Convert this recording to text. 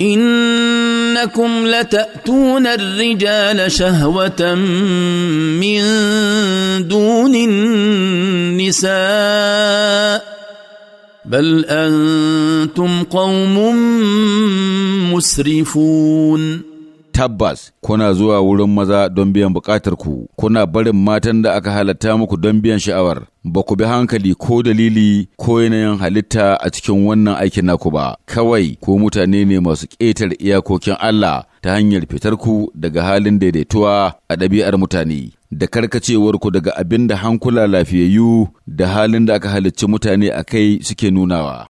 انكم لتاتون الرجال شهوه من دون النساء بل انتم قوم مسرفون tabbas kuna zuwa wurin maza don biyan bukatar ku kuna barin matan da aka halatta muku don biyan sha'awar ba ku bi hankali ko dalili ko yanayin halitta a cikin wannan aikin naku ba kawai ko mutane ne masu ƙetar iyakokin Allah ta hanyar fitar ku daga halin daidaituwa a ɗabi'ar mutane da karkacewarku daga abin da hankula lafiyayyu da halin da aka halicci mutane a kai suke nunawa